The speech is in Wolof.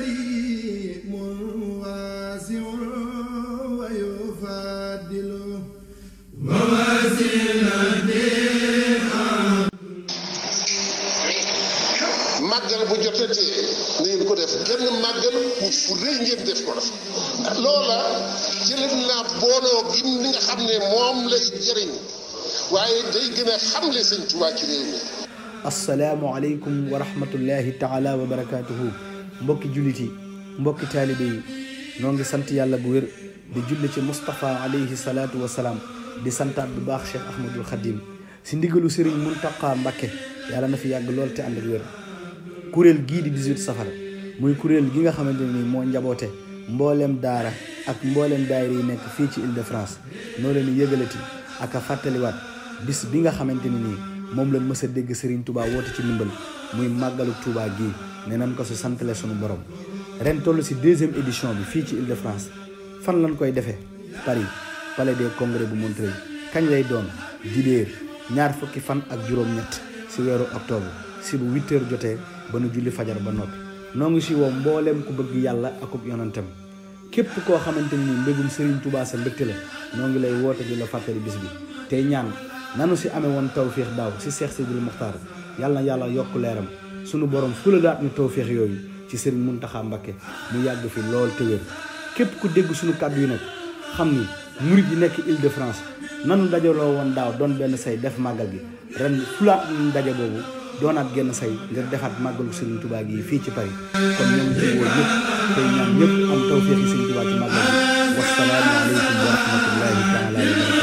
كريم واسع ويفضل màggal bu jotatee na ngeen ko def genn màggal fu rëy ngeen def ko def loola jëlef naa booloo gi waaye gën a xamle sëñ Tuubaa ci réew mi asalaamu aleykum wa rahmatullahi taala wa barakatuhu mbokki jullit yi mbokki taalibe yi noo ngi sant yàlla bu wér di julli ci Moustapha alayhi salaatu wa salaam di santaat bu baax Cheikh Ahmadul Khadim si ndigalu Serigne Mountakha Mbacké yàlla na fi yàgg lool te ànd ak wér. kuréel gii di 18 safar muy kuréel gi nga xamante ne nii moo njaboote mbooleem daara ak mboolem daayira yi nekk fii ci Île-de-France noo leen yëgalati ak a fàttaliwaat bis bi nga xamante ni nii moom la mës dégg Serigne Touba woote ci ndimbal muy màggalu Touba gii. nee nañ ko si santale sunu borom ren toll si deuxième édition bi fii ci Île de France fan lañ koy defee Paris pale des congrès bu Montreuil kañ lay doon dibéer ñaar fukki fan ak juróom-ñett si weeru octobre si bu huit heures jotee ba nu julli fajar ba noppi noo ngi si woo mbooleem ku bëgg yàlla akub yonantam képp koo xamante ni mbégum Serigne Touba sa mbégte la noo ngi lay woote di la fàttali bis bi tey ñaan nanu si amee woon tawféex daaw si Seex Sidil Muxtaar yàlla na yàlla yokk leeram sunu borom fulalaat ñu tawféex yooyu ci Serigne Mountakha Mbacké mu yàgg fi lool te wér képp ku dégg sunu kàddu yi nag xam ni murit yi nekk Île de France nanu dajaloo woon daaw doon benn say def màggal gi ren fulaat ñu daje boobu doonaat genn say ngir defaat màggalu Serigne Touba yi fii ci Paris kon ñoom ci woo tey ñaan ñëpp am tawféex yi Serigne Touba ci màggal gi wasalaamaaleykum wa rahmatullahi taala